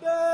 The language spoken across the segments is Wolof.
Bye.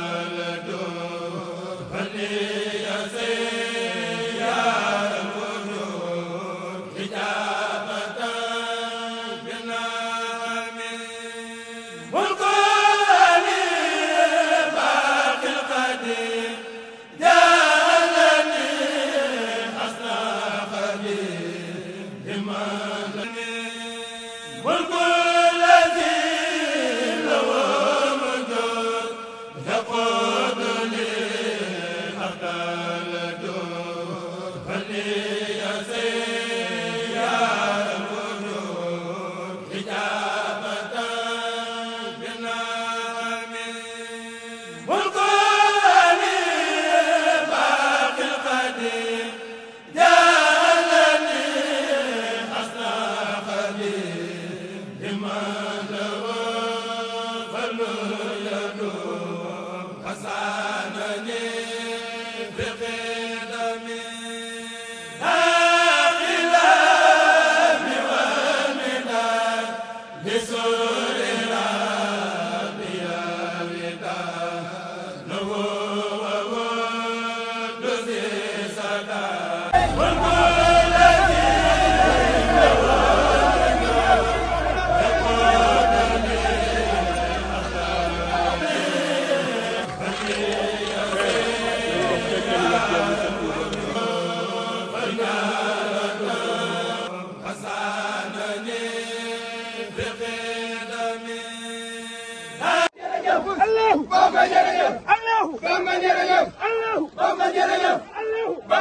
liman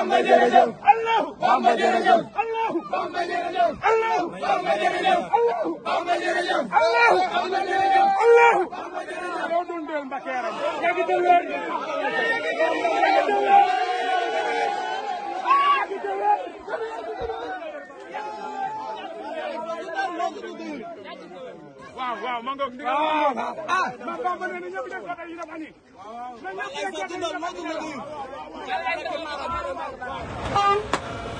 Bamba jërëjëf Allahu Bamba jërëjëf Allahu Bamba jërëjëf Allahu Bamba jërëjëf Allahu Bamba jërëjëf Allahu Bamba jërëjëf Allahu Bamba jërëjëf yow dundal Mbacké yaram yagi de wër yagi de wër yagi de wër yagi de wër waaw waaw ma ngoog ndigal ah ma bamba nee na ñëpp def ko tay def ani na ñëpp def ko tay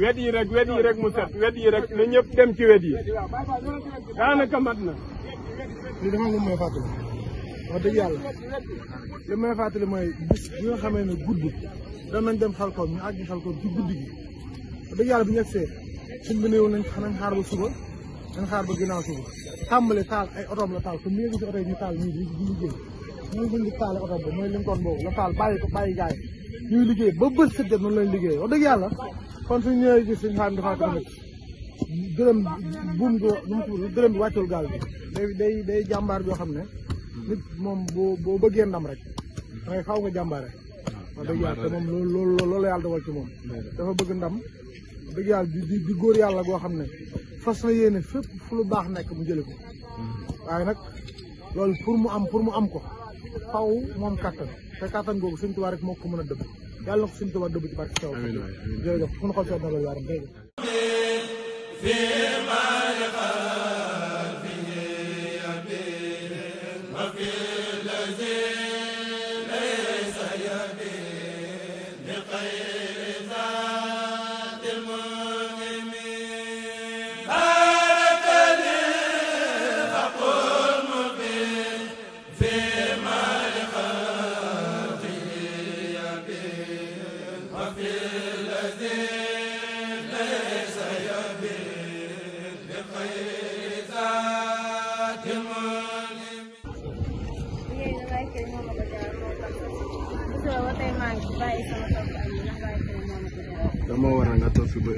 wet yi rek wet yi rek mu set wet yi rek na ñëpp dem ci wet yi daanaka mat na. lii dafa am may fàttali dëgg yàlla fàttali mooy bis bi nga xamee ne guddi doon nañ dem xalkoom ñu àgg xalkoom ci guddi gi wax yàlla bu ñu egsee suñ bi néew nañ nañ xaar ba suba nañ xaar ba ginnaaw suba tàmbali taal ay otoom la taal comme ni nga gis oto yi ñu taal ñu ngi ñu liggéey ñu ngi leen taal oto mooy li boobu la taal bàyyi ko bàyyi gaay ñuy liggéey ba bës sa noonu lañ liggéey wax dëgg yàlla. kon suñ ñëwee gis suñ dafa tamit dërëm buum go nu gaal bi jàmbaar joo xam ne nit moom boo boo bëggee ndam rek dangay xaw nga jàmbaare ah, wax dëgg yàlla te moom loolu loolu loolu la yàlla dogal ci moom dafa bëgg ndam dëgg yàlla di di góor yàlla goo xam ne fas na yéene fu lu baax nekk mu jële ko hmm. waaye nag loolu pour mu am pour mu am ko faw moom kàttan te kàttan googu suñ tubaab rek moo ko mën a dëbb yàlla na ko suñu tubaab dugg ci barke Sow. amiin amiin jërëjëf ku ñu xool seen ndogal yaram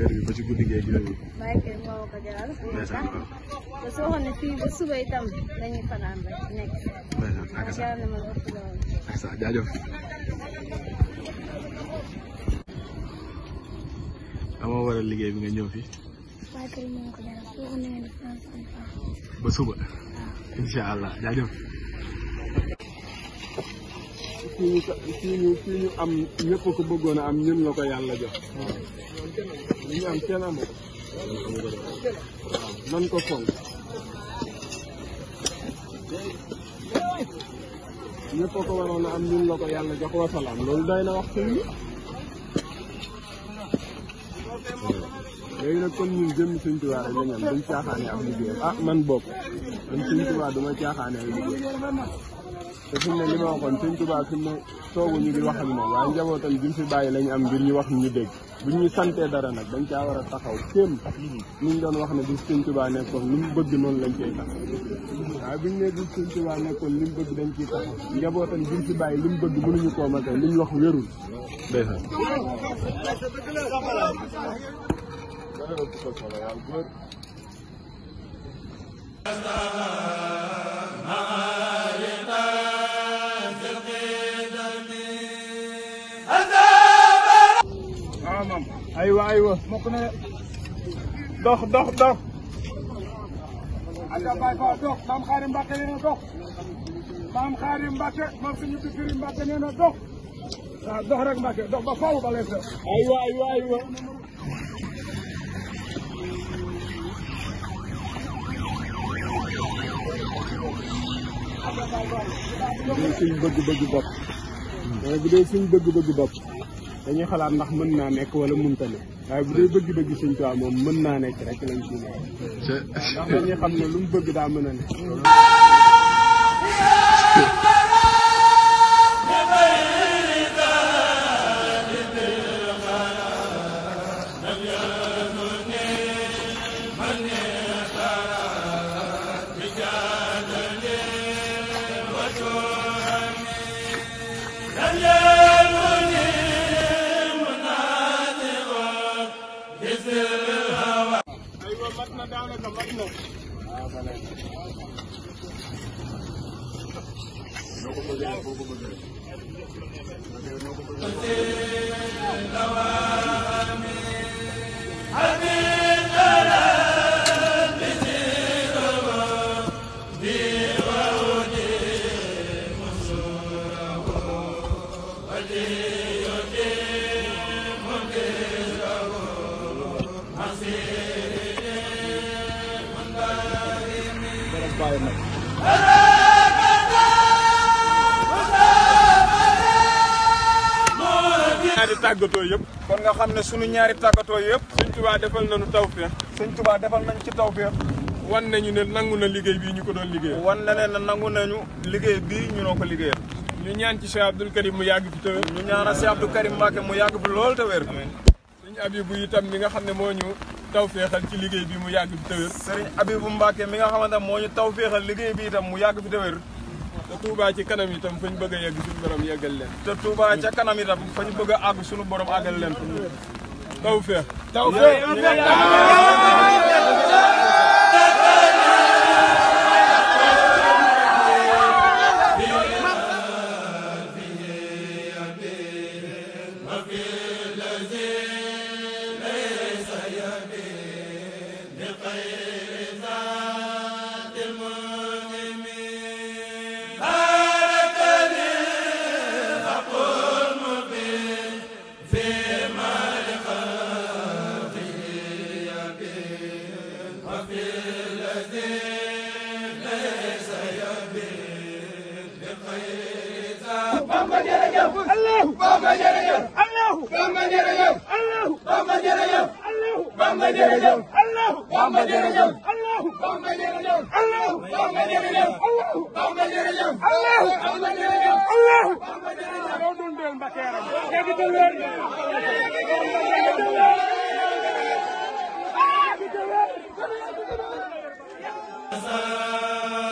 heure bi ba suba itam dañuy fanaan rek nekk. ndeysaan liggéey bi nga ñëw fi. bàyyi ba suba. incha allah jaajëf. ñëpp ko bëggoon am ñun la ko li ñu am teel man ko fonk ñëpp ko waroon a am ñun la ko yàlla jox wa salaam loolu doy na wax ci lii léegi nag comme ñun jëm Sëñ Tuubaa rek la ñu am duñ caaxaane ab liggéey ah man bokk man Sëñ Tuubaa duma caaxaane ab liggéey te fi ne li ma waxoon sëñ Tuubaa fi mu di wax ak moom waaye njabootam bi mu fi bàyyi lañu am ngir ñu wax ñu dégg bu ñu santee dara nag dañ caa war a taxaw kéem niñ doon wax ne bi sëñ Tuubaa nekkoon li mu bëgg noonu lañ cay taxaw waaye bëgg dañ ciy taxaw njabootam bi mu fi bàyyi li mu bëgg mënuñu koo matee li ñu wax wérul aywa aywa mokk na dox dox dox maam xaari mbàkke nee dox maam xaari mbàkke moom suñu bikiri mbàkke nee na dox ba faw ba lees aywa aywa aywa dañuy xalaat ndax mën naa nekk wala mënta ne waaye bu dee bëgg-bëgg suñ tubaab moom mën naa nekk rek lañ ciy nekk. ndax dañuy xam ne lu mu bëgg daa mën a nekk. ko bàyyi nag ñaari tàggatoo yëpp kon nga xam ne suñu ñaari tàggatoo yëpp sëñ tubaa defal nañu tawfeex sëñ tubaa defal nañu ci tawfeex wan nañu ne nangu na liggéey bii ñu ko doon liggéey wan na ne nangu nañu liggéey bi ñu noo ko liggéeyal ñu ñaan ci Cheikh Abdoul Karim mu yàgg fi te wér ñu ñaan a Cheikh Abdoul Karim Mbacké mu yàgg fi lool te wér sëñ Abibou itam mi nga xam ne moo ñu taw féexal ci liggéey bi mu yàgg fi tawér Serigne Abibou Mbacke mi nga xamante moo ñu taw féexal liggéey bi tam mu yàgg fi tawér te Touba ci kanam yi itam fañ bëgg a yegg suñu borom yeggal leen te Touba ca kanam itam fañ bëgg a àgg suñu borom àggal leen taw féex taw féex jërëjëf Allahu Bamba jërëjëf Allahu Bamba jërëjëf Allahu Bamba jërëjëf Allahu Bamba jërëjëf Allahu Bamba jërëjëf Allahu Bamba jërëjëf yow doon del mbakkeera dégg dul wér dégg dul wér